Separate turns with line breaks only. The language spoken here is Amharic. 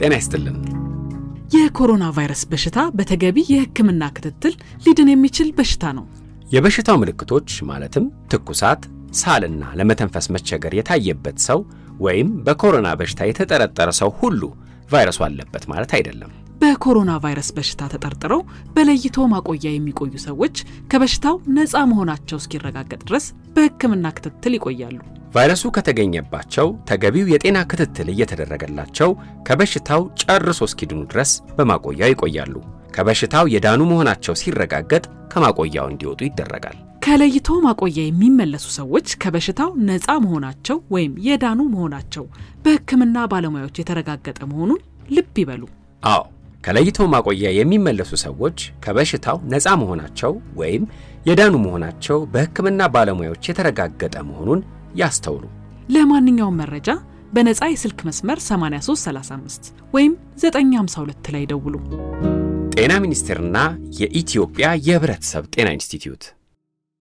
ጤና ይስጥልን።
የኮሮና ቫይረስ በሽታ በተገቢ የሕክምና ክትትል ሊድን የሚችል በሽታ ነው።
የበሽታው ምልክቶች ማለትም ትኩሳት፣ ሳልና ለመተንፈስ መቸገር የታየበት ሰው ወይም በኮሮና በሽታ የተጠረጠረ ሰው ሁሉ ቫይረሱ አለበት ማለት አይደለም።
በኮሮና ቫይረስ በሽታ ተጠርጥረው በለይቶ ማቆያ የሚቆዩ ሰዎች ከበሽታው ነፃ መሆናቸው እስኪረጋገጥ ድረስ በሕክምና ክትትል ይቆያሉ።
ቫይረሱ ከተገኘባቸው ተገቢው የጤና ክትትል እየተደረገላቸው ከበሽታው ጨርሶ እስኪድኑ ድረስ በማቆያው ይቆያሉ። ከበሽታው የዳኑ መሆናቸው ሲረጋገጥ ከማቆያው እንዲወጡ ይደረጋል።
ከለይቶ ማቆያ የሚመለሱ ሰዎች ከበሽታው ነፃ መሆናቸው ወይም የዳኑ መሆናቸው በሕክምና ባለሙያዎች የተረጋገጠ መሆኑን ልብ ይበሉ።
አዎ ከለይቶ ማቆያ የሚመለሱ ሰዎች ከበሽታው ነፃ መሆናቸው ወይም የዳኑ መሆናቸው በሕክምና ባለሙያዎች የተረጋገጠ መሆኑን ያስተውሉ።
ለማንኛውም መረጃ በነፃ የስልክ መስመር 8335 ወይም 952 ላይ ደውሉ።
ጤና ሚኒስቴርና የኢትዮጵያ የሕብረተሰብ ጤና ኢንስቲትዩት